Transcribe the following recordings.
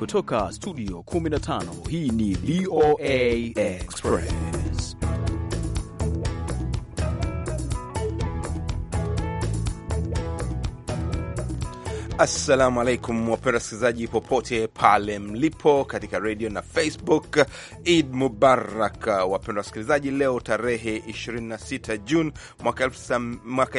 kutoka studio 15 hii ni VOA Express. Assalamu alaikum wapenda wasikilizaji popote pale mlipo katika redio na Facebook. Id Mubarak wapenda wasikilizaji, leo tarehe 26 Juni mwaka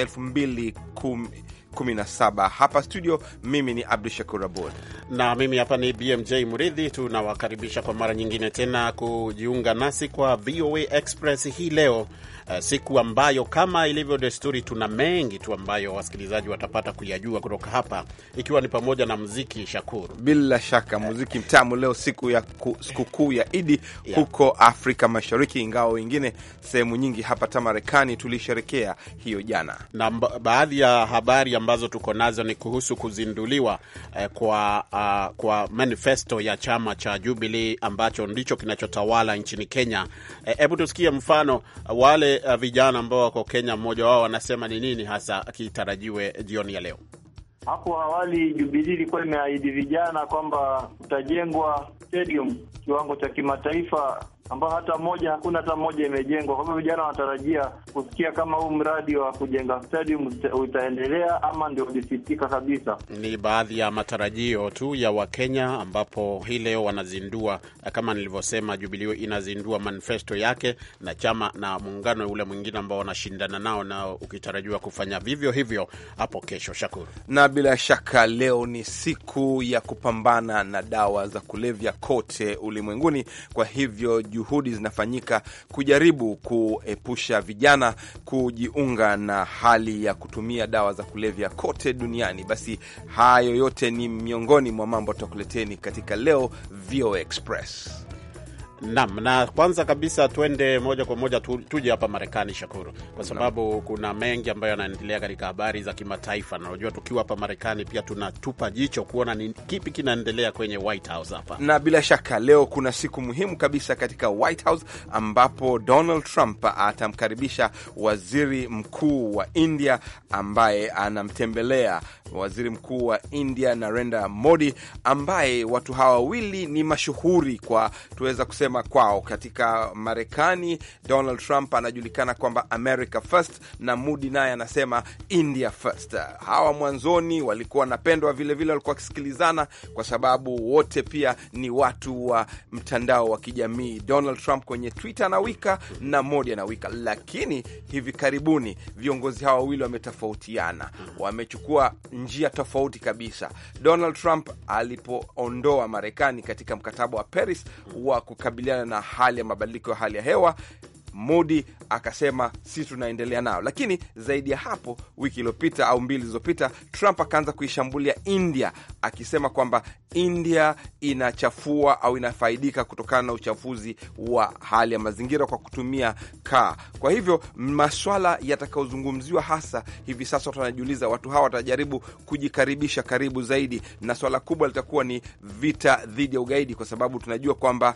elfu hapa studio. Mimi ni Abdu Shakur Abud na mimi hapa ni BMJ Muridhi. Tunawakaribisha kwa mara nyingine tena kujiunga nasi kwa VOA Express hii leo, eh, siku ambayo kama ilivyo desturi, tuna mengi tu ambayo wasikilizaji watapata kuyajua kutoka hapa, ikiwa ni pamoja na muziki. Shakuru, bila shaka muziki mtamu leo, siku ya sikukuu ya Idi yeah, huko Afrika Mashariki, ingawa wengine sehemu nyingi hapa ta Marekani tulisherekea hiyo jana. Na baadhi ya habari ambazo tuko nazo ni kuhusu kuzinduliwa eh, kwa uh, kwa manifesto ya chama cha Jubilee ambacho ndicho kinachotawala nchini Kenya. E, hebu e, tusikie mfano wale uh, vijana ambao wako Kenya, mmoja wao anasema ni nini hasa kitarajiwe jioni ya leo. Hapo awali Jubilee ilikuwa imeahidi vijana kwamba kutajengwa stadium kiwango cha kimataifa ambao hata moja hakuna hata moja imejengwa. Kwa hivyo vijana wanatarajia kusikia kama huu mradi wa kujenga stadium utaendelea ama ndio ulisitika kabisa. Ni baadhi ya matarajio tu ya Wakenya, ambapo hii leo wanazindua kama nilivyosema, Jubilee inazindua manifesto yake na chama na muungano ule mwingine ambao wanashindana nao, na ukitarajiwa kufanya vivyo hivyo hapo kesho. Shakuru, na bila shaka leo ni siku ya kupambana na dawa za kulevya kote ulimwenguni, kwa hivyo juhudi zinafanyika kujaribu kuepusha vijana kujiunga na hali ya kutumia dawa za kulevya kote duniani. Basi hayo yote ni miongoni mwa mambo tutakuleteni katika leo VOA Express. Naam, na kwanza kabisa tuende moja kwa moja tu, tuje hapa Marekani Shakuru, kwa sababu na, kuna mengi ambayo yanaendelea katika habari za kimataifa, na unajua tukiwa hapa Marekani pia tunatupa jicho kuona ni kipi kinaendelea kwenye White House hapa, na bila shaka leo kuna siku muhimu kabisa katika White House ambapo Donald Trump atamkaribisha waziri mkuu wa India ambaye anamtembelea waziri mkuu wa India Narendra Modi, ambaye watu hawa wawili ni mashuhuri kwa tuweza kusema kwao katika Marekani. Donald Trump anajulikana kwamba America first na Modi naye anasema India first. Hawa mwanzoni walikuwa wanapendwa, vilevile walikuwa wakisikilizana kwa sababu wote pia ni watu wa mtandao wa kijamii. Donald Trump kwenye Twitter anawika na Modi anawika, lakini hivi karibuni viongozi hawa wawili wametofautiana, wamechukua njia tofauti kabisa. Donald Trump alipoondoa Marekani katika mkataba wa Paris wa kukabiliana na hali ya mabadiliko ya hali ya hewa Modi akasema si tunaendelea nayo, lakini zaidi ya hapo, wiki iliyopita au mbili zilizopita, Trump akaanza kuishambulia India akisema kwamba India inachafua au inafaidika kutokana na uchafuzi wa hali ya mazingira kwa kutumia kaa. Kwa hivyo maswala yatakayozungumziwa hasa hivi sasa, watu wanajiuliza, watu hawa watajaribu kujikaribisha karibu zaidi, na swala kubwa litakuwa ni vita dhidi ya ugaidi, kwa sababu tunajua kwamba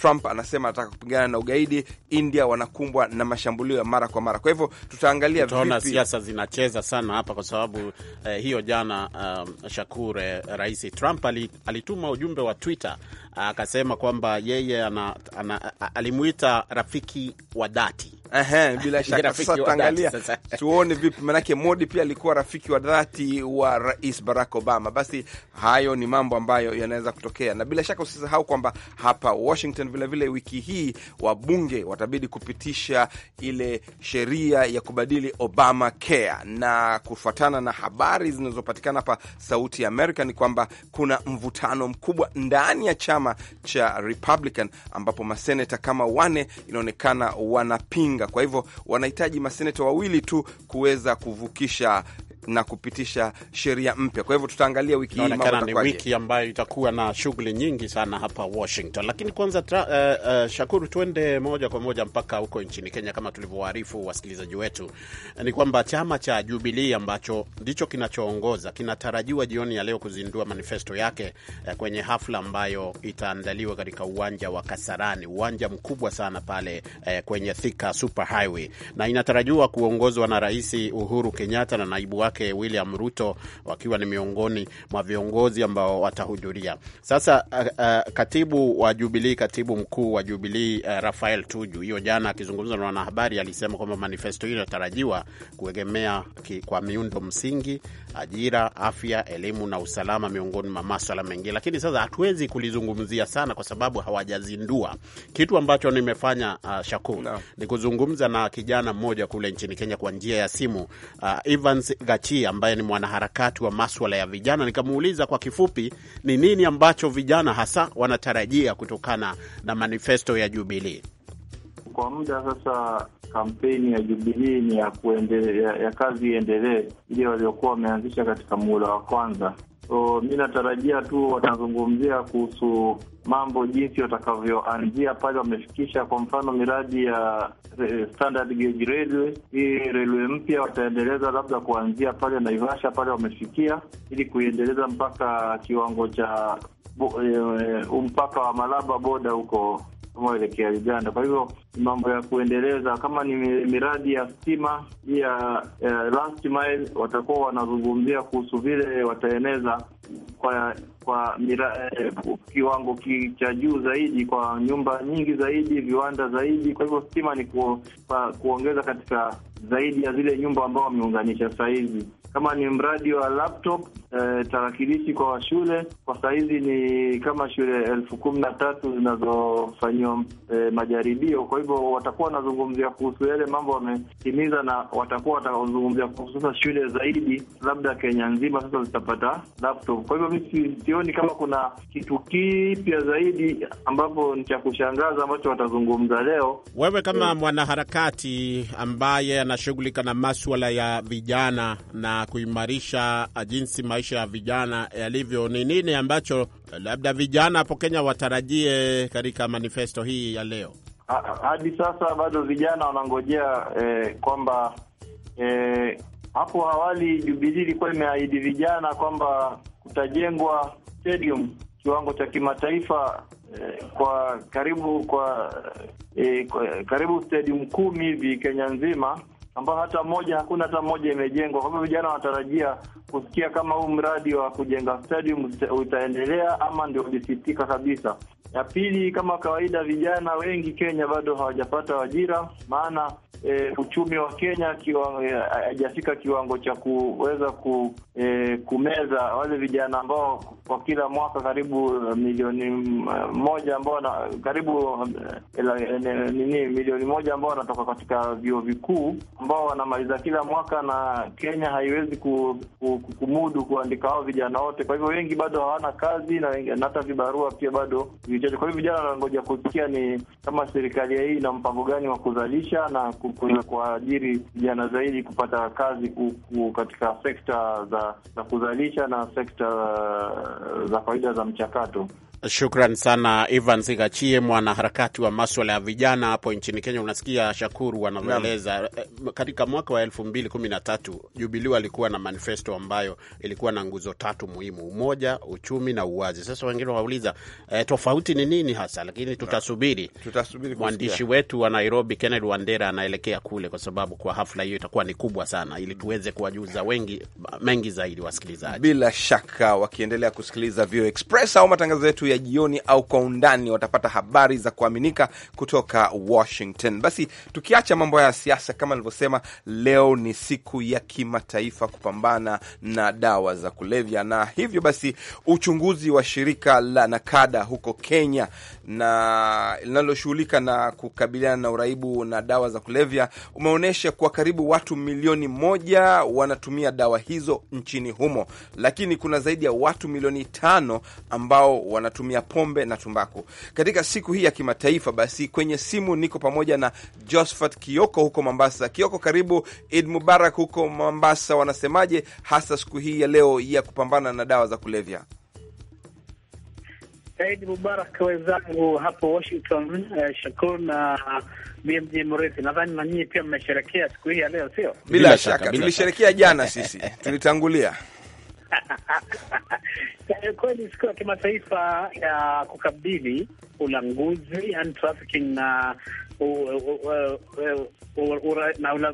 Trump anasema anataka kupigana na ugaidi. India wanakumbwa na mashambulio ya mara kwa mara. Kwa hivyo tutaangalia tutaona siasa zinacheza sana hapa, kwa sababu eh, hiyo jana um, Shakur, eh, Rais Trump alituma ujumbe wa Twitter akasema kwamba yeye ana, ana, alimuita rafiki wa dhati Ehe, bila shaka sasa tutaangalia tuone vipi, manake Modi pia alikuwa rafiki wa dhati wa Rais Barack Obama. Basi hayo ni mambo ambayo yanaweza kutokea, na bila shaka usisahau kwamba hapa Washington vilevile vile wiki hii wabunge watabidi kupitisha ile sheria ya kubadili Obama Care, na kufuatana na habari zinazopatikana hapa Sauti ya Amerika ni kwamba kuna mvutano mkubwa ndani ya chama cha Republican ambapo maseneta kama wane inaonekana wanapinga kupinga. Kwa hivyo wanahitaji maseneta wawili tu kuweza kuvukisha na kupitisha sheria mpya. Kwa hivyo tutaangalia wiki hii, wiki ambayo itakuwa na shughuli nyingi sana hapa Washington. Lakini kwanza tra, uh, uh, Shakuru, tuende moja kwa moja mpaka huko nchini Kenya. Kama tulivyowaarifu wasikilizaji wetu, ni kwamba chama cha Jubilee ambacho ndicho kinachoongoza kinatarajiwa jioni ya leo kuzindua manifesto yake uh, kwenye hafla ambayo itaandaliwa katika uwanja wa Kasarani, uwanja mkubwa sana pale uh, kwenye Thika Super Highway, na inatarajiwa kuongozwa na Rais Uhuru Kenyatta na naibu wake wake William Ruto wakiwa ni miongoni mwa viongozi ambao watahudhuria. Sasa uh, uh, katibu wa Jubilii, katibu mkuu wa Jubilii uh, eh, Rafael Tuju hiyo jana akizungumza na wanahabari alisema kwamba manifesto hiyo inatarajiwa kuegemea kwa miundo msingi, ajira, afya, elimu na usalama, miongoni mwa maswala mengine. Lakini sasa hatuwezi kulizungumzia sana kwa sababu hawajazindua kitu ambacho nimefanya uh, ah, Shakuru no. ni kuzungumza na kijana mmoja kule nchini Kenya kwa njia ya simu uh, Evans kati ambaye ni mwanaharakati wa maswala ya vijana, nikamuuliza kwa kifupi ni nini ambacho vijana hasa wanatarajia kutokana na manifesto ya jubilii Kwa muda sasa kampeni ya Jubilii ni ya, ya, ya kazi iendelee ile waliokuwa wameanzisha katika muhula wa kwanza, So mi natarajia tu watazungumzia kuhusu mambo jinsi watakavyoanzia pale wamefikisha. Kwa mfano miradi ya eh, standard gauge railway, hii railway mpya wataendeleza labda kuanzia pale Naivasha pale wamefikia, ili kuiendeleza mpaka kiwango cha eh, eh, mpaka wa Malaba boda huko tunaoelekea Uganda. Kwa hivyo mambo ya kuendeleza kama ni miradi ya stima ya uh, last mile, watakuwa wanazungumzia kuhusu vile wataeneza kwa kwa mira, eh, kiwango ki, cha juu zaidi kwa nyumba nyingi zaidi, viwanda zaidi. Kwa hivyo stima ni ku, pa, kuongeza katika zaidi ya zile nyumba ambao wameunganisha sasa hivi kama ni mradi wa laptop e, tarakilishi kwa shule. Kwa sahizi ni kama shule elfu kumi na tatu zinazofanyiwa e, majaribio. Kwa hivyo watakuwa wanazungumzia kuhusu yale mambo wametimiza, na watakuwa watazungumzia kuhusu sasa shule zaidi, labda Kenya nzima sasa zitapata laptop. Kwa hivyo mi sioni kama kuna kitu kipya zaidi ambapo ni cha kushangaza ambacho watazungumza leo. Wewe kama mwanaharakati ambaye anashughulika na maswala ya vijana na kuimarisha ah, jinsi maisha ya vijana yalivyo, ni nini ambacho eh, labda vijana hapo Kenya watarajie katika manifesto hii ya leo? Ah, ah, hadi sasa bado vijana wanangojea eh, kwamba eh, hapo awali jubilii ilikuwa imeahidi vijana kwamba kutajengwa stadium kiwango cha kimataifa eh, kwa karibu kwa, eh, kwa karibu stadium kumi hivi Kenya nzima ambao hata moja hakuna hata moja imejengwa. Kwa hivyo vijana wanatarajia kusikia kama huu mradi wa kujenga stadium utaendelea ama ndio ulisitika kabisa. Ya pili, kama kawaida, vijana wengi Kenya bado hawajapata ajira, maana e, uchumi wa Kenya e, haijafika kiwa, kiwango cha kuweza ku, e, kumeza wale vijana ambao kwa kila mwaka karibu e, milioni e, moja ambao na, karibu nini milioni moja ambao wanatoka katika vyuo vikuu ambao wanamaliza kila mwaka, na Kenya haiwezi kumudu kuandika hao vijana wote. Kwa hivyo wengi bado hawana kazi na hata vibarua pia bado vichache. Kwa hivyo vijana wanangoja kusikia ni kama serikali hii ina mpango gani wa kuzalisha na kuajiri vijana zaidi kupata kazi kuku, katika sekta za, za kuzalisha na sekta za faida za mchakato. Shukran sana Evans Sigachie, mwanaharakati wa maswala ya vijana hapo nchini Kenya. Unasikia Shakuru wanavyoeleza eh, eh, katika mwaka wa elfu mbili kumi na tatu Jubilee alikuwa na manifesto ambayo ilikuwa na nguzo tatu muhimu: umoja, uchumi na uwazi. Sasa wengine wauliza eh, tofauti ni nini hasa, lakini tutasubiri, tutasubiri. Mwandishi wetu wa Nairobi Kennedy Wandera anaelekea kule, kwa sababu kwa hafla hiyo itakuwa ni kubwa sana, ili tuweze kuwajuza wengi mengi zaidi wasikilizaji, bila shaka wakiendelea kusikiliza Vio Express au matangazo yetu ya jioni au kwa undani, watapata habari za kuaminika kutoka Washington. Basi tukiacha mambo ya siasa, kama nilivyosema, leo ni siku ya kimataifa kupambana na dawa za kulevya, na hivyo basi uchunguzi wa shirika la Nakada huko Kenya na linaloshughulika na kukabiliana na uraibu na dawa za kulevya umeonyesha kuwa karibu watu milioni moja wanatumia dawa hizo nchini humo, lakini kuna zaidi ya watu milioni tano ambao wanatumia kutumia pombe na tumbaku. Katika siku hii ya kimataifa, basi kwenye simu niko pamoja na Josphat Kioko huko Mombasa. Kioko, karibu. Id Mubarak huko Mombasa, wanasemaje hasa siku hii ya leo ya kupambana na dawa za kulevya? Idi Mubarak wenzangu hapo Washington, eh, Shakur na eh, BMJ Mrethi, nadhani na nyinyi pia mmesherekea siku hii ya leo, sio? Bila, bila shaka, shaka tulisherekea jana sisi tulitangulia Yaani kweli siku ya kimataifa ya kukabili ulanguzi, yani trafficking na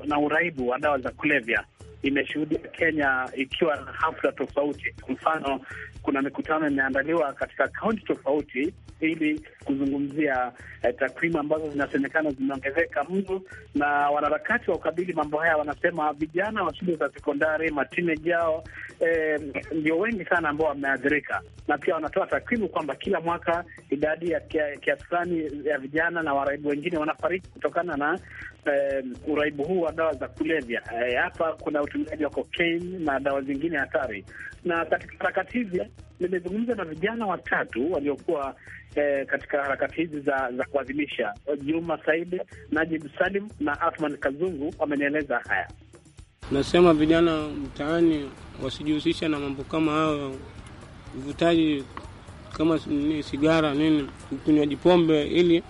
na uraibu wa dawa za kulevya imeshuhudia Kenya ikiwa na hafla tofauti. Kwa mfano, kuna mikutano imeandaliwa katika kaunti tofauti ili kuzungumzia eh, takwimu ambazo zinasemekana zimeongezeka mno, na wanaharakati wa ukabili mambo haya wanasema vijana wa shule za sekondari matinejao eh, ndio eh, wengi sana ambao wameathirika, na pia wanatoa takwimu kwamba kila mwaka idadi ya kiasi fulani ya vijana na waraibu wengine wanafariki kutokana na eh, uraibu huu wa dawa za kulevya. Eh, hapa eh, kuna utumiaji wa cocaine na dawa zingine hatari. Na katika harakati hizi nimezungumza na vijana watatu waliokuwa eh, katika harakati hizi za, za kuadhimisha. Juma Said, Najib Salim na Athman Kazungu wamenieleza haya. Nasema vijana mtaani wasijihusisha na mambo kama hayo, uvutaji kama ni sigara nini, ukunywaji pombe, ili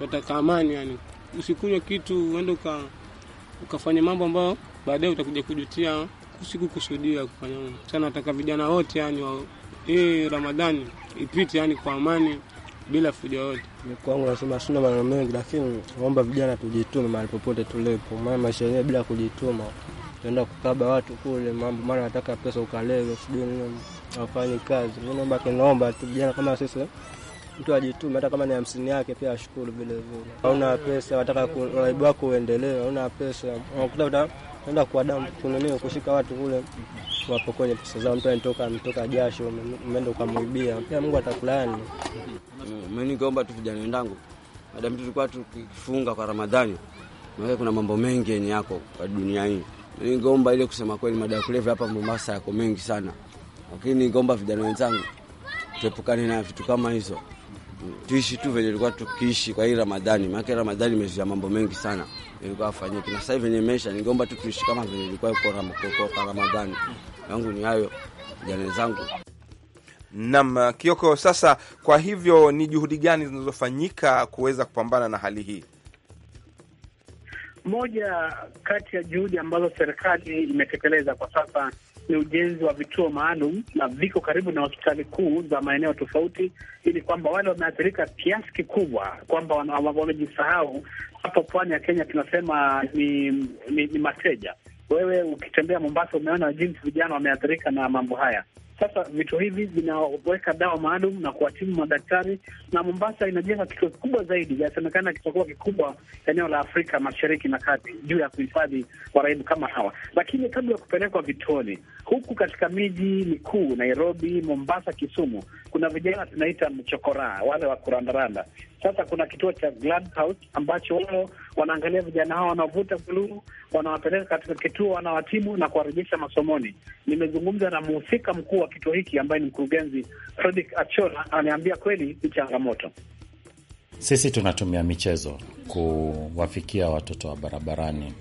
wataka amani. Yani usikunywa kitu uende ukafanya mambo ambayo baadaye utakuja kujutia siku sikukusudia kufanya sana. Nataka vijana wote yani wa hii Ramadhani ipite yani kwa amani bila fujo yote. Kwangu nasema sina maneno mengi, lakini naomba vijana tujitume mahali popote tulipo, maana maisha yenyewe bila kujituma tunaenda kukaba watu kule mambo, mara nataka pesa ukalewe, sijui nini, wafanye kazi. Mimi naomba kinaomba tu vijana kama sisi mtu ajitume, hata kama ni hamsini yake pia ashukuru vile vile. Hauna pesa, wataka uraibu wako uendelee, hauna pesa unakuta naenda kwa damu kununio kushika watu kule wapo kwenye pesa zao. Mtu anatoka mtoka jasho, umeenda ukamwibia, pia Mungu atakulaani. Mm, mimi kaomba tu vijana baada mtu tulikuwa tukifunga kwa Ramadhani, maana kuna mambo mengi yenye yako kwa dunia hii. Mimi ningeomba ile, kusema kweli, madawa kulevya hapa Mombasa yako mengi sana, lakini ningeomba vijana wenzangu tuepukane na vitu kama hizo, mm, tuishi tu venye tulikuwa tukiishi kwa hii Ramadhani, maana Ramadhani imezuia mambo mengi sana ilikuwa afanyike, na sasa hivi imeisha, Ningeomba tu tuishi kama vile ilikuwa kwa Ramadhani yangu. Ni hayo jana zangu nam Kioko. Sasa kwa hivyo, ni juhudi gani zinazofanyika kuweza kupambana na hali hii? Moja kati ya juhudi ambazo serikali imetekeleza kwa sasa ni ujenzi wa vituo maalum na viko karibu na hospitali kuu za maeneo tofauti, ili kwamba wale wameathirika kiasi kikubwa kwamba wamejisahau. Hapo pwani ya Kenya tunasema ni, ni, ni mateja. Wewe ukitembea Mombasa umeona jinsi vijana wameathirika na mambo haya. Sasa vitu hivi vinaweka dawa maalum na kuwatibu madaktari, na Mombasa inajenga kituo kikubwa zaidi, yasemekana kitakuwa kikubwa eneo la Afrika Mashariki na Kati juu ya kuhifadhi waraibu kama hawa. Lakini kabla ya kupelekwa vituoni, huku katika miji mikuu Nairobi, Mombasa, Kisumu, kuna vijana tunaita mchokoraa, wale wa kurandaranda. Sasa kuna kituo cha House ambacho wao wanaangalia vijana hao wanaovuta buluu, wanawapeleka katika kituo, wanawatibu na kuwarejesha masomoni. Nimezungumza na mhusika mkuu wa kituo hiki ambaye ni mkurugenzi Fredrick Achola, ananiambia kweli ni changamoto. Sisi tunatumia michezo kuwafikia watoto wa barabarani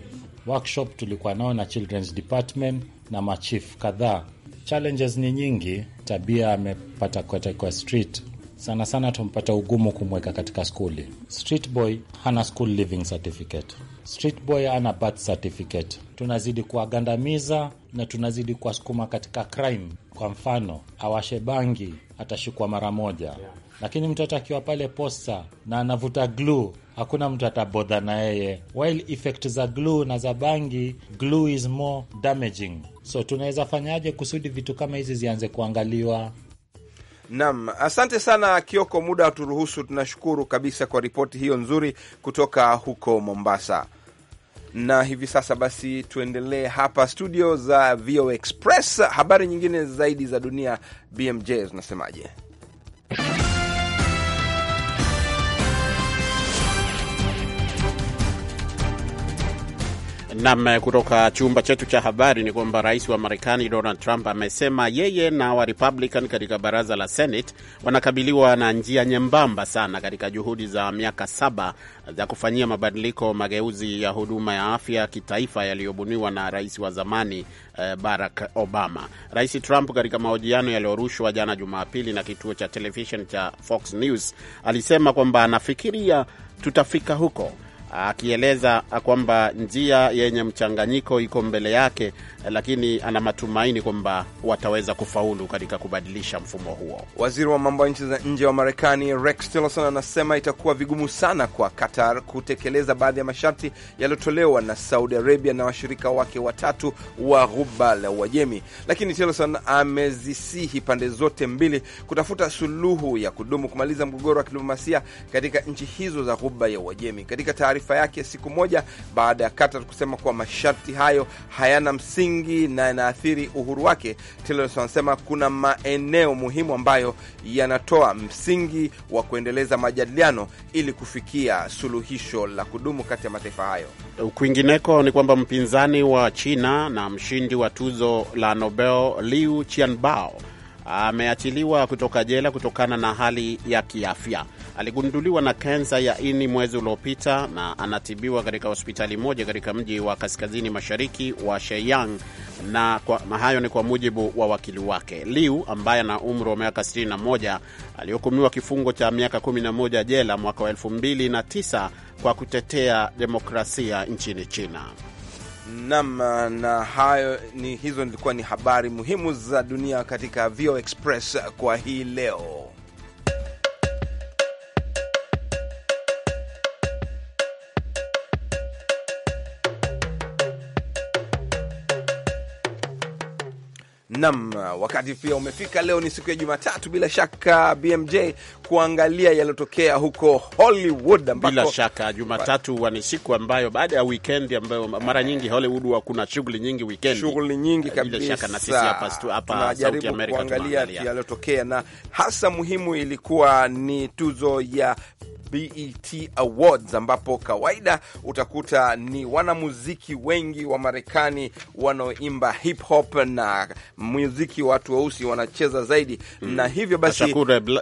workshop tulikuwa nao na children's department na machief kadhaa. Challenges ni nyingi. Tabia amepata kwa street sana sana, tumpata ugumu kumweka katika skuli. Street boy hana school living certificate, street boy hana birth certificate. Tunazidi kuwagandamiza na tunazidi kuwasukuma katika crime. Kwa mfano, awashe bangi atashikwa mara moja, lakini mtoto akiwa pale posta na anavuta gluu hakuna mtu atabodha na yeye, while effect za glue na za bangi, glue is more damaging. So tunaweza fanyaje kusudi vitu kama hizi zianze kuangaliwa? Nam, asante sana Kioko, muda waturuhusu. Tunashukuru kabisa kwa ripoti hiyo nzuri kutoka huko Mombasa. Na hivi sasa basi tuendelee hapa studio za VOA Express. Habari nyingine zaidi za dunia, BMJ zinasemaje? Nam, eh, kutoka chumba chetu cha habari ni kwamba rais wa Marekani Donald Trump amesema yeye na wa Republican katika baraza la Senate wanakabiliwa na njia nyembamba sana katika juhudi za miaka saba za kufanyia mabadiliko mageuzi ya huduma ya afya kitaifa yaliyobuniwa na rais wa zamani eh, Barack Obama. Rais Trump katika mahojiano yaliyorushwa jana Jumapili na kituo cha televishen cha Fox News alisema kwamba anafikiria tutafika huko akieleza kwamba njia yenye mchanganyiko iko mbele yake, lakini ana matumaini kwamba wataweza kufaulu katika kubadilisha mfumo huo. Waziri wa mambo ya nchi za nje wa Marekani Rex Tillerson anasema itakuwa vigumu sana kwa Qatar kutekeleza baadhi ya masharti yaliyotolewa na Saudi Arabia na washirika wake watatu wa Ghuba la Uajemi, lakini Tillerson amezisihi pande zote mbili kutafuta suluhu ya kudumu kumaliza mgogoro wa kidiplomasia katika nchi hizo za Ghuba ya Uajemi. Katika taarifa taarifa yake siku moja baada ya Qatar kusema kuwa masharti hayo hayana msingi na yanaathiri uhuru wake. Tillerson anasema kuna maeneo muhimu ambayo yanatoa msingi wa kuendeleza majadiliano ili kufikia suluhisho la kudumu kati ya mataifa hayo. Kwingineko ni kwamba mpinzani wa China na mshindi wa tuzo la Nobel Liu Xiaobo ameachiliwa kutoka jela kutokana na hali ya kiafya. Aligunduliwa na kansa ya ini mwezi uliopita na anatibiwa katika hospitali moja katika mji wa kaskazini mashariki wa Sheyang na hayo ni kwa mujibu wa wakili wake. Liu ambaye ana umri wa miaka 61 alihukumiwa kifungo cha miaka 11 jela mwaka wa 2009 kwa kutetea demokrasia nchini China. Nam na hayo ni hizo, ilikuwa ni habari muhimu za dunia katika Vio Express kwa hii leo. Nam, wakati pia umefika. Leo ni siku ya Jumatatu, bila shaka BMJ kuangalia yaliyotokea huko Hollywood ambako... bila shaka Jumatatu huwa ni siku ambayo baada ya wikendi ambayo mara nyingi Hollywood huwa kuna shughuli nyingi wikendi, shughuli nyingi kabisa. Bila shaka na sisi hapa hapa Sauti Amerika kuangalia yaliyotokea, na hasa muhimu ilikuwa ni tuzo ya BET Awards, ambapo kawaida utakuta ni wanamuziki wengi wa Marekani wanaoimba hip hop na muziki watu weusi wanacheza zaidi mm. na hivyo basi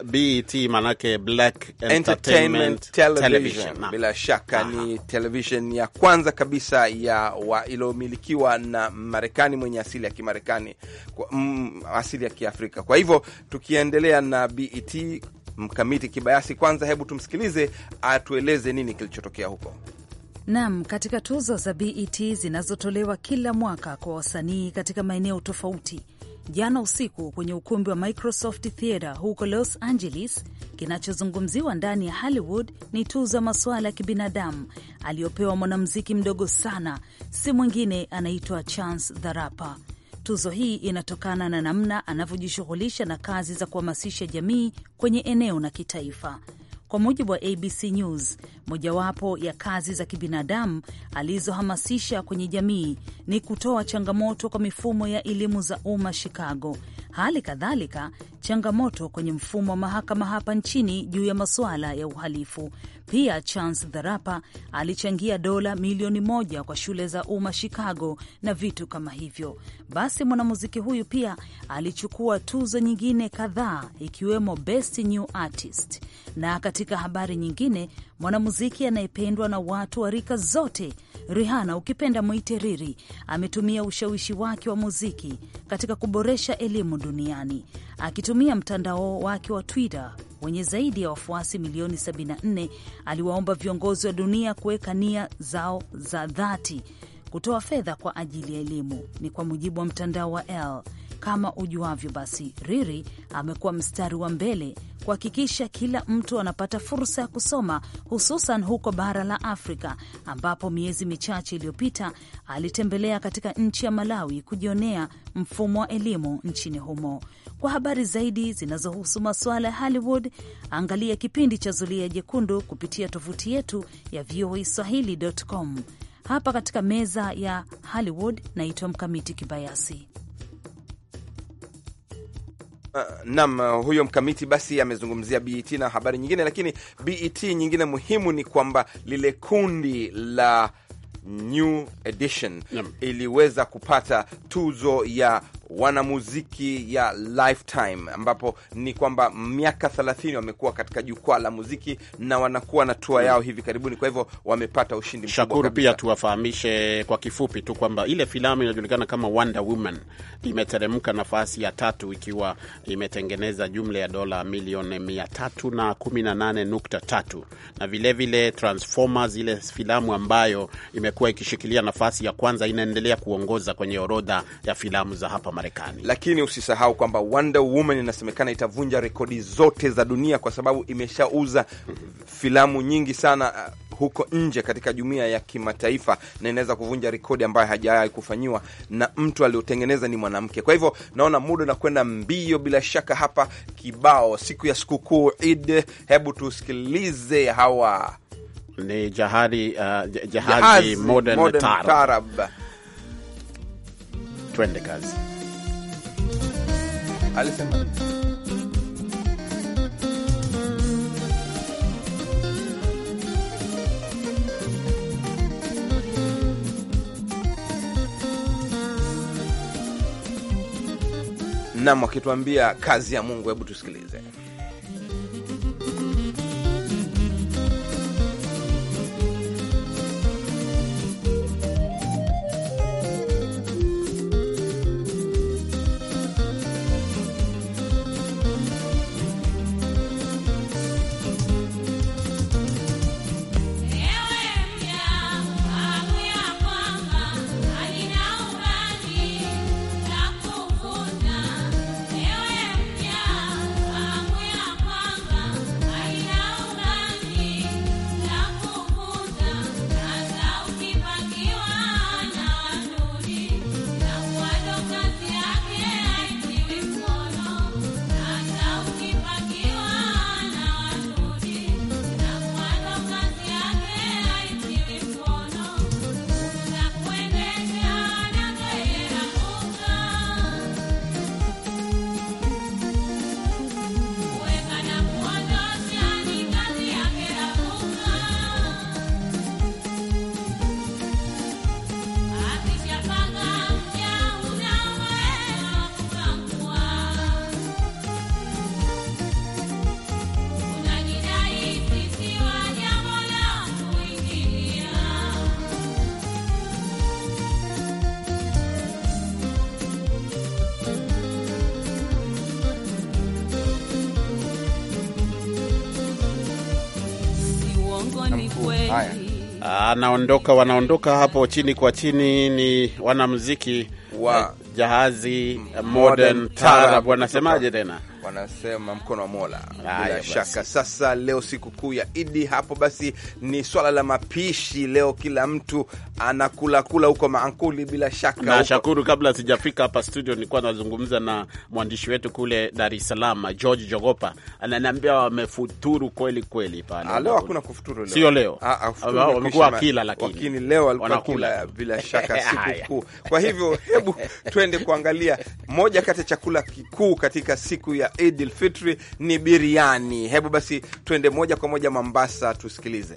BET manake Black Entertainment, Entertainment Television, Television. Bila shaka Aha. ni television ya kwanza kabisa ya iliyomilikiwa na Marekani mwenye asili ya Kimarekani, mm, asili ya Kiafrika. Kwa hivyo tukiendelea na BET Mkamiti Kibayasi. Kwanza hebu tumsikilize atueleze nini kilichotokea huko. Nam, katika tuzo za BET zinazotolewa kila mwaka kwa wasanii katika maeneo tofauti, jana usiku kwenye ukumbi wa Microsoft Theatre huko Los Angeles, kinachozungumziwa ndani ya Hollywood ni tuzo ya masuala ya kibinadamu aliyopewa mwanamuziki mdogo sana, si mwingine anaitwa Chance the Rapper. Tuzo hii inatokana na namna anavyojishughulisha na kazi za kuhamasisha jamii kwenye eneo na kitaifa. Kwa mujibu wa ABC News, mojawapo ya kazi za kibinadamu alizohamasisha kwenye jamii ni kutoa changamoto kwa mifumo ya elimu za umma Chicago, hali kadhalika changamoto kwenye mfumo wa mahakama hapa nchini juu ya masuala ya uhalifu. Pia Chance the Rapper alichangia dola milioni moja kwa shule za umma Chicago na vitu kama hivyo. Basi mwanamuziki huyu pia alichukua tuzo nyingine kadhaa ikiwemo Best New Artist. Na katika habari nyingine, mwanamuziki anayependwa na watu wa rika zote Rihanna, ukipenda mwite Riri, ametumia ushawishi wake wa muziki katika kuboresha elimu duniani akitumia mtandao wake wa Twitter wenye zaidi ya wafuasi milioni 74. Aliwaomba viongozi wa dunia kuweka nia zao za dhati kutoa fedha kwa ajili ya elimu, ni kwa mujibu wa mtandao wa L kama ujuavyo, basi Riri amekuwa mstari wa mbele kuhakikisha kila mtu anapata fursa ya kusoma, hususan huko bara la Afrika, ambapo miezi michache iliyopita alitembelea katika nchi ya Malawi kujionea mfumo wa elimu nchini humo. Kwa habari zaidi zinazohusu masuala ya Hollywood, angalia kipindi cha Zulia Jekundu kupitia tovuti yetu ya VOA Swahili.com. Hapa katika meza ya Hollywood, naitwa Mkamiti Kibayasi. Uh, nam uh, huyo mkamiti basi amezungumzia BET na habari nyingine, lakini BET nyingine muhimu ni kwamba lile kundi la New Edition yeah, iliweza kupata tuzo ya wanamuziki ya Lifetime, ambapo ni kwamba miaka 30 wamekuwa katika jukwaa la muziki na wanakuwa na tua yao hivi karibuni. Kwa hivyo wamepata ushindi mkubwa. Shakuru, pia tuwafahamishe kwa kifupi tu kwamba ile filamu inajulikana kama Wonder Woman imeteremka nafasi ya tatu ikiwa imetengeneza jumla ya dola milioni 318.3 na vilevile vile Transformers, ile filamu ambayo imekuwa ikishikilia nafasi ya kwanza, inaendelea kuongoza kwenye orodha ya filamu za hapa Marekani. Lakini usisahau kwamba Wonder Woman inasemekana itavunja rekodi zote za dunia kwa sababu imeshauza filamu nyingi sana uh, huko nje katika jumuiya ya kimataifa, na inaweza kuvunja rekodi ambayo hajawahi kufanyiwa, na mtu aliotengeneza ni mwanamke. Kwa hivyo naona muda unakwenda mbio. Bila shaka hapa kibao siku ya sikukuu id hebu tusikilize hawa ni jahari, uh, jahari jahazi modern, modern tarab. Tarab. Twende kazi alisema nam, wakituambia kazi ya Mungu. Hebu tusikilize. anaondoka, wanaondoka hapo chini kwa chini, ni wanamuziki wa jahazi modern tarab, wanasemaje tena? Wanasema mkono wa Mola bila shaka. Sasa leo siku kuu ya Idi, hapo basi ni swala la mapishi. Leo kila mtu anakulakula huko maankuli bila shaka. Kabla sijafika hapa studio, nilikuwa nazungumza na mwandishi wetu kule Dar es Salaam, George Jogopa, ananiambia wamefuturu kweli kweli pale. Leo hakuna kufuturu, leo sio leo, ah, ah, wamekuwa akila, lakini leo wanakula bila shaka sikukuu. Kwa hivyo, hebu twende kuangalia moja kati ya chakula kikuu katika siku ya Idil Fitri ni biriani. Hebu basi twende moja kwa moja Mombasa tusikilize.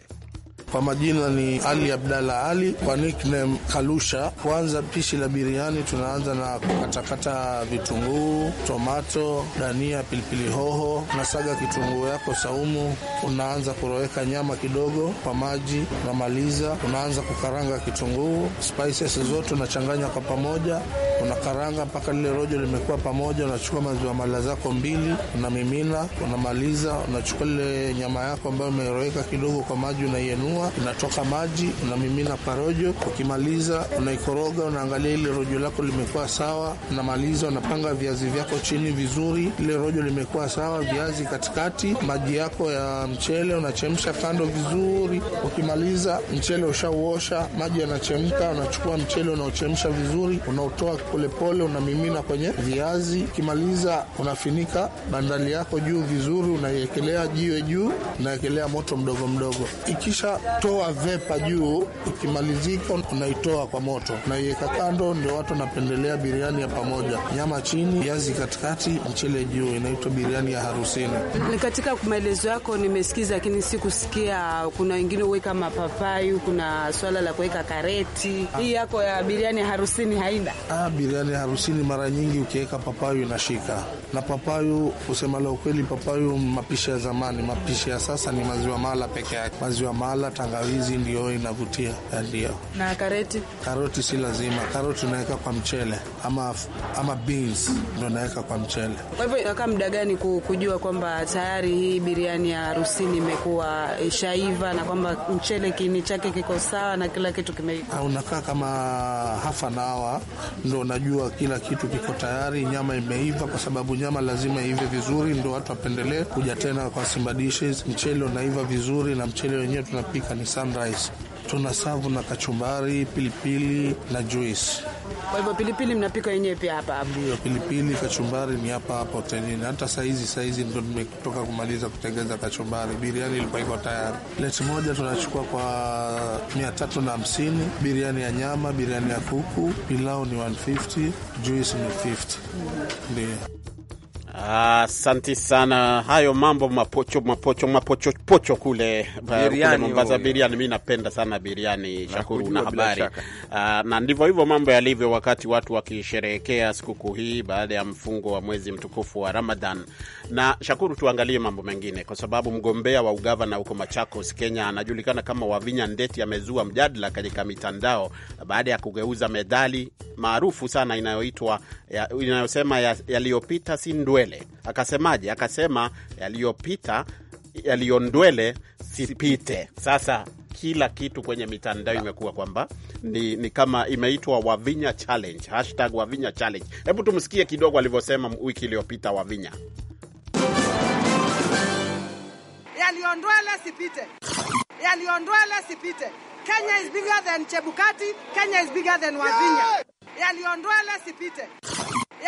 Kwa majina ni Ali Abdalla Ali, kwa nickname Kalusha. Kwanza pishi la biriani, tunaanza na kukatakata vitunguu, tomato, dania, pilipili hoho. Unasaga kitunguu yako saumu, unaanza kuroweka nyama kidogo kwa maji, unamaliza unaanza kukaranga kitunguu, spices zote unachanganya kwa pamoja, unakaranga mpaka lile rojo limekuwa pamoja. Unachukua maziwa mala zako mbili, unamimina, unamaliza, unachukua lile nyama yako ambayo umeroweka kidogo kwa maji, unaienua unaichoa, inatoka maji, unamimina parojo. Ukimaliza unaikoroga, unaangalia ile rojo lako limekuwa sawa. Unamaliza unapanga viazi vyako chini vizuri, ile rojo limekuwa sawa, viazi katikati, maji yako ya mchele unachemsha kando vizuri. Ukimaliza mchele ushauosha, maji yanachemka, unachukua mchele unaochemsha vizuri, unaotoa polepole, unamimina kwenye viazi. Ukimaliza unafinika bandali yako juu vizuri, unaiekelea jiwe juu, unaekelea moto mdogo mdogo, ikisha toa vepa juu, ikimalizika unaitoa kwa moto, naiweka kando. Ndio watu wanapendelea biriani ya pamoja, nyama chini, viazi katikati, mchele juu, inaitwa biriani ya harusini. Ni katika maelezo yako nimesikiza, lakini sikusikia kuna wengine huweka mapapayu, kuna swala la kuweka kareti. Hii yako ya biriani ya harusini haina? Ah, biriani ya harusini mara nyingi ukiweka papayu inashika, na papayu kusema la ukweli, papayu mapishi ya zamani, mapishi ya sasa ni maziwa mala peke yake, maziwa mala tangawizi ndio inavutia, ndio. Na kareti? karoti si lazima. Karoti unaweka kwa mchele ama ama beans ndio unaweka kwa mchele. Kwa hivyo kaka, muda gani kujua kwamba tayari hii biriani ya harusini imekuwa ishaiva na kwamba mchele kini chake kiko sawa na kila kitu kimeiva? Unakaa kama hafa na hawa, ndio unajua kila kitu kiko tayari, nyama imeiva, kwa sababu nyama lazima iive vizuri ndio watu wapendelee kuja tena kwa Simba dishes. Mchele unaiva vizuri na mchele wenyewe tunapika kupika ni sunrise. Tuna savu na kachumbari, pilipili na juice. Kwa hivyo pilipili mnapika wenyewe pia hapa hapa? Ndio, pilipili kachumbari ni hapa hapa hotelini. Hata saizi saizi ndo nimetoka kumaliza kutengeneza kachumbari, biriani ilikuwa iko tayari. leti moja tunachukua kwa mia tatu na hamsini, biriani ya nyama, biriani ya kuku, pilau ni 150, juice ni 50. Ndio. Asante ah, sana. Hayo mambo mapocho mapocho mapocho pocho kule, uh, kule Mombasa, biriani. Mi napenda sana biriani, Shakuru na habari ah, na ndivyo hivyo mambo yalivyo, wakati watu wakisherehekea sikukuu hii baada ya mfungo wa mwezi mtukufu wa Ramadan. Na Shakuru, tuangalie mambo mengine, kwa sababu mgombea wa ugavana huko Machakos, Kenya, anajulikana kama Wavinya Ndeti amezua mjadala katika mitandao baada ya kugeuza medali maarufu sana inayoitwa inayosema yaliyopita ya si ndwe ndwele. Akasemaje? Akasema yaliyopita, yaliyo ndwele sipite. Sasa kila kitu kwenye mitandao imekuwa kwamba ni, ni kama imeitwa Wavinya Challenge, hashtag Wavinya Challenge. Hebu tumsikie kidogo alivyosema wiki iliyopita Wavinya. Yaliyo ndwele sipite, yaliyo ndwele sipite. Kenya is bigger than Chebukati, Kenya is bigger than Wavinya. Yaliyo ndwele sipite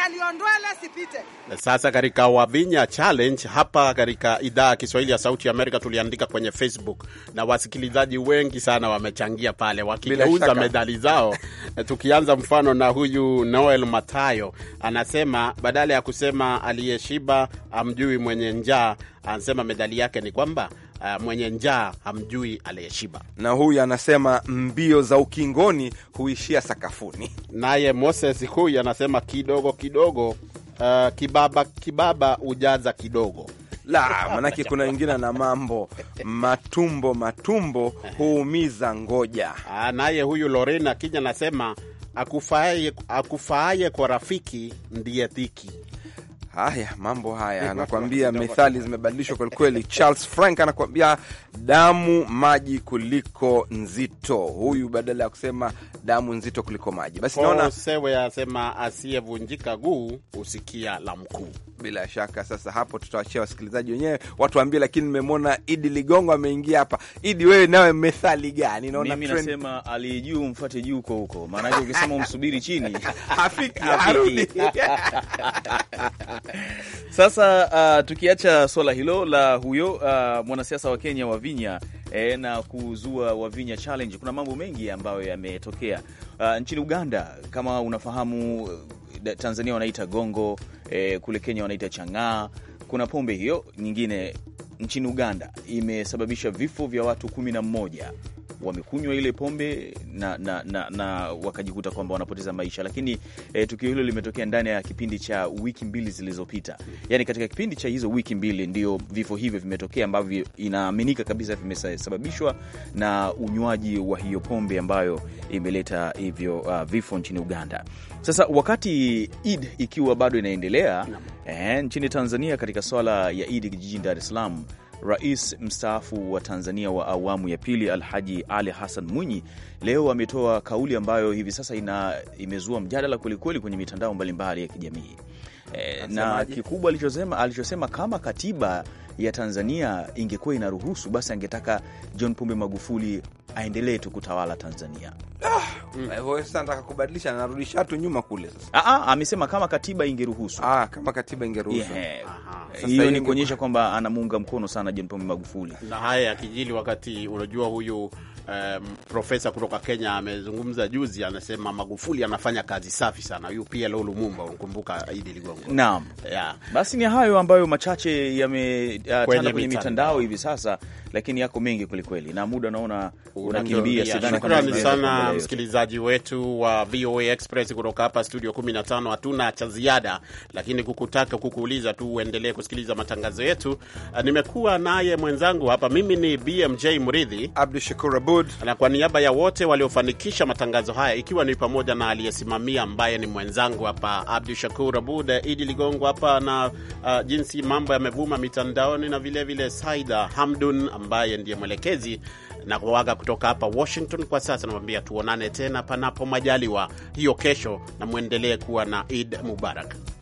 yaliondoele sipite. Sasa katika Wavinya Challenge hapa katika idhaa ya Kiswahili ya Sauti ya Amerika tuliandika kwenye Facebook na wasikilizaji wengi sana wamechangia pale wakigeuza medali zao. Tukianza mfano na huyu Noel Matayo anasema badala ya kusema aliyeshiba amjui mwenye njaa, anasema medali yake ni kwamba uh, mwenye njaa hamjui aliyeshiba. Na huyu anasema mbio za ukingoni huishia sakafuni. Naye Moses huyu anasema kidogo kidogo, uh, kibaba kibaba hujaza kidogo la manake, kuna wengine na mambo matumbo matumbo huumiza ngoja. Ah, naye huyu lorin akija anasema akufaaye kwa rafiki ndiye dhiki. Haya, mambo haya, eh, anakuambia methali zimebadilishwa kwelikweli. Charles Frank anakuambia damu maji kuliko nzito. Huyu badala ya kusema damu nzito kuliko maji, basi naona sewe asema asiyevunjika guu usikia la mkuu bila shaka. Sasa hapo tutawachia wasikilizaji wenyewe watuambie, lakini nimemwona Idi Ligongo ameingia hapa. Idi, wewe nawe methali gani? Naona mimi nasema alijuu mfate juu huko huko, maanake ukisema umsubiri chini hafiki Sasa uh, tukiacha swala hilo la huyo uh, mwanasiasa wa Kenya Wavinya eh, na kuzua Wavinya Challenge, kuna mambo mengi ambayo yametokea uh, nchini Uganda kama unafahamu Tanzania wanaita gongo eh, kule Kenya wanaita chang'aa. Kuna pombe hiyo nyingine nchini Uganda imesababisha vifo vya watu kumi na mmoja wamekunywa ile pombe na, na, na, na wakajikuta kwamba wanapoteza maisha. Lakini eh, tukio hilo limetokea ndani ya kipindi cha wiki mbili zilizopita, yani katika kipindi cha hizo wiki mbili ndio vifo hivyo vimetokea ambavyo inaaminika kabisa vimesababishwa na unywaji wa hiyo pombe ambayo imeleta hivyo uh, vifo nchini Uganda. Sasa wakati Eid ikiwa bado inaendelea eh, nchini Tanzania katika swala ya Eid jijini Dar es Salaam Rais mstaafu wa Tanzania wa awamu ya pili Alhaji Ali Hassan Mwinyi leo ametoa kauli ambayo hivi sasa ina, imezua mjadala kwelikweli kwenye mitandao mbalimbali ya kijamii e, na kikubwa alichosema, alichosema kama katiba ya Tanzania ingekuwa inaruhusu basi angetaka John Pombe Magufuli aendelee tu kutawala Tanzania. Ah, mm. Sasa nataka kubadilisha, narudisha tu nyuma kule sasa. Ah, ah, amesema kama katiba ingeruhusu. Ah, kama katiba ingeruhusu. Eh, hiyo ni kuonyesha kwamba anamuunga mkono sana John Pombe Magufuli. Na haya yakijili wakati unajua huyu um, profesa kutoka Kenya amezungumza juzi, anasema Magufuli anafanya kazi safi sana, UPLO Lumumba, unakumbuka Idi Ligongo? Naam, yeah. Basi ni hayo ambayo machache yametanda uh, kwenye, kwenye mitandao hivi sasa, lakini yako mengi kwelikweli, na muda naona unakimbia. Shukrani sana msikilizaji wetu wa VOA Express kutoka hapa studio 15. Hatuna cha ziada, lakini kukutaka kukuuliza tu uendelee kusikiliza matangazo yetu. Uh, nimekuwa naye mwenzangu hapa, mimi ni BMJ Mridhi Abdushakur Abu Abud, na kwa niaba ya wote waliofanikisha matangazo haya, ikiwa ni pamoja na aliyesimamia ambaye ni mwenzangu hapa Abdu Shakur Abud, Idi Ligongo hapa na uh, jinsi mambo yamevuma mitandaoni, na vilevile vile Saida Hamdun ambaye ndiye mwelekezi na kuaga kutoka hapa Washington kwa sasa, namwambia tuonane tena panapo majaliwa hiyo kesho, na mwendelee kuwa na Id Mubarak.